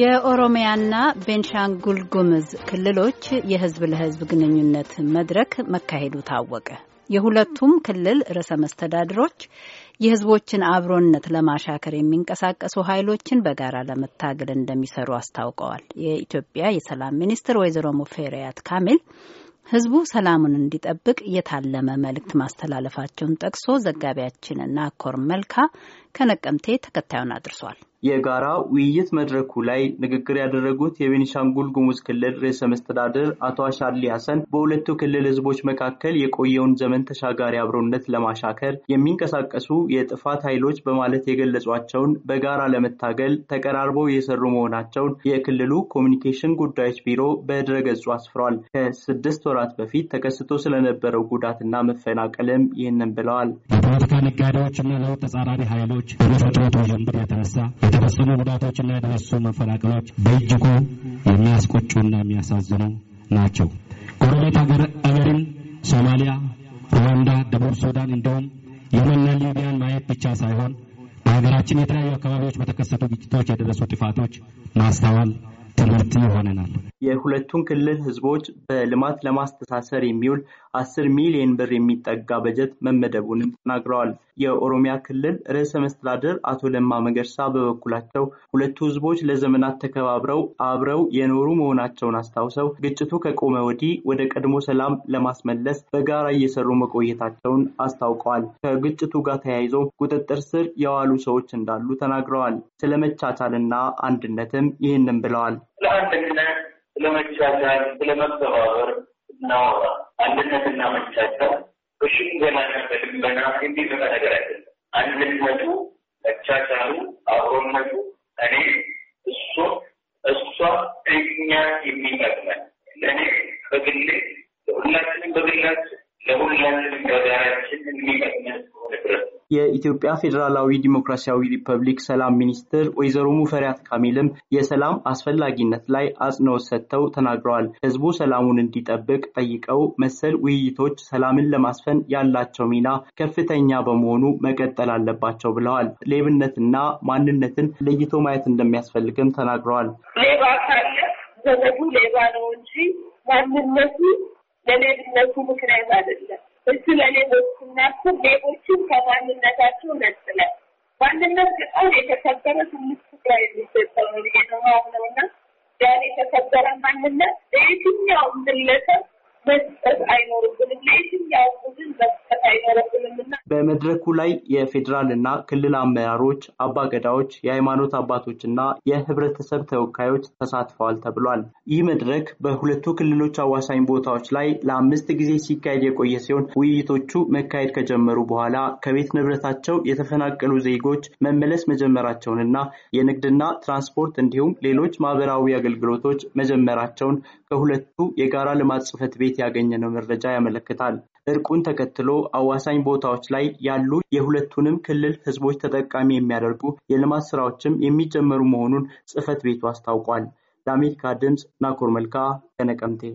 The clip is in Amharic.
የኦሮሚያና ቤንሻንጉል ጉምዝ ክልሎች የህዝብ ለህዝብ ግንኙነት መድረክ መካሄዱ ታወቀ። የሁለቱም ክልል ርዕሰ መስተዳድሮች የህዝቦችን አብሮነት ለማሻከር የሚንቀሳቀሱ ኃይሎችን በጋራ ለመታገል እንደሚሰሩ አስታውቀዋል። የኢትዮጵያ የሰላም ሚኒስትር ወይዘሮ ሙፈሪያት ካሚል ህዝቡ ሰላሙን እንዲጠብቅ የታለመ መልእክት ማስተላለፋቸውን ጠቅሶ ዘጋቢያችን ናኮር መልካ ከነቀምቴ ተከታዩን አድርሷል። የጋራ ውይይት መድረኩ ላይ ንግግር ያደረጉት የቤኒሻንጉል ጉሙዝ ክልል ርዕሰ መስተዳድር አቶ አሻድሊ ሀሰን በሁለቱ ክልል ህዝቦች መካከል የቆየውን ዘመን ተሻጋሪ አብሮነት ለማሻከር የሚንቀሳቀሱ የጥፋት ኃይሎች በማለት የገለጿቸውን በጋራ ለመታገል ተቀራርበው የሰሩ መሆናቸውን የክልሉ ኮሚኒኬሽን ጉዳዮች ቢሮ በድረ ገጹ አስፍሯል። ከስድስት ወራት በፊት ተከስቶ ስለነበረው ጉዳትና መፈናቀልም ይህንን ብለዋል። የፖለቲካ ነጋዴዎችና ለውጥ ተጻራሪ ኃይሎች በተፈጥሮ የተነሳ የተፈጸሙ ጉዳቶችና የተነሱ መፈናቀሎች በእጅጉ የሚያስቆጩና የሚያሳዝኑ ናቸው። ጎረቤት ሀገር አገርን ሶማሊያ፣ ሩዋንዳ፣ ደቡብ ሱዳን እንዲሁም የመንና ሊቢያን ማየት ብቻ ሳይሆን በሀገራችን የተለያዩ አካባቢዎች በተከሰቱ ግጭቶች የደረሱ ጥፋቶች ማስተዋል ትምህርት ይሆነናል። የሁለቱን ክልል ህዝቦች በልማት ለማስተሳሰር የሚውል አስር ሚሊዮን ብር የሚጠጋ በጀት መመደቡንም ተናግረዋል። የኦሮሚያ ክልል ርዕሰ መስተዳድር አቶ ለማ መገርሳ በበኩላቸው ሁለቱ ህዝቦች ለዘመናት ተከባብረው አብረው የኖሩ መሆናቸውን አስታውሰው ግጭቱ ከቆመ ወዲህ ወደ ቀድሞ ሰላም ለማስመለስ በጋራ እየሰሩ መቆየታቸውን አስታውቀዋል። ከግጭቱ ጋር ተያይዞ ቁጥጥር ስር የዋሉ ሰዎች እንዳሉ ተናግረዋል። ስለ መቻቻልና አንድነትም ይህንን ብለዋል። ለአንድነት፣ ስለ መቻቻል፣ ስለ መተባበር እናወራ። አንድነትና መቻቻል ገማናበትም በናት የሚመጣ ነገር አይደለም። አንድነቱ፣ መቻቻሉ፣ አብሮነቱ እኔ እሱ እሷ እኛ የሚጠቅመን ለእኔ በግሌ ለሁላችንም በግላችን ለሁላችንም በጋራችን የሚጠቅመን ድረስ የኢትዮጵያ ፌዴራላዊ ዲሞክራሲያዊ ሪፐብሊክ ሰላም ሚኒስትር ወይዘሮ ሙፈሪያት ካሚልም የሰላም አስፈላጊነት ላይ አጽንኦት ሰጥተው ተናግረዋል። ህዝቡ ሰላሙን እንዲጠብቅ ጠይቀው መሰል ውይይቶች ሰላምን ለማስፈን ያላቸው ሚና ከፍተኛ በመሆኑ መቀጠል አለባቸው ብለዋል። ሌብነትና ማንነትን ለይቶ ማየት እንደሚያስፈልግም ተናግረዋል። ሌባ ካለ ዘመዱ ሌባ ነው እንጂ ማንነቱ ለሌብነቱ ምክንያት አይደለም። እሱ ለሌቦች እናኩ ሌቦችን ከማንነታቸው ነጥለን ማንነት በጣም የተከበረ ትንሽ ስፍራ የሚሰጠው ነው ነው እና ያን የተከበረ ማንነት ለየትኛውም ግለሰብ በመድረኩ ላይ የፌዴራል እና በመድረኩ ላይ የፌዴራልና ክልል አመራሮች፣ አባገዳዎች፣ የሃይማኖት አባቶችና የህብረተሰብ ተወካዮች ተሳትፈዋል ተብሏል። ይህ መድረክ በሁለቱ ክልሎች አዋሳኝ ቦታዎች ላይ ለአምስት ጊዜ ሲካሄድ የቆየ ሲሆን ውይይቶቹ መካሄድ ከጀመሩ በኋላ ከቤት ንብረታቸው የተፈናቀሉ ዜጎች መመለስ መጀመራቸውንና የንግድና ትራንስፖርት እንዲሁም ሌሎች ማህበራዊ አገልግሎቶች መጀመራቸውን ከሁለቱ የጋራ ልማት ጽህፈት ቤት ቤት ያገኘነው መረጃ ያመለክታል። እርቁን ተከትሎ አዋሳኝ ቦታዎች ላይ ያሉ የሁለቱንም ክልል ህዝቦች ተጠቃሚ የሚያደርጉ የልማት ስራዎችም የሚጀመሩ መሆኑን ጽህፈት ቤቱ አስታውቋል። ለአሜሪካ ድምፅ ናኮር መልካ ከነቀምቴ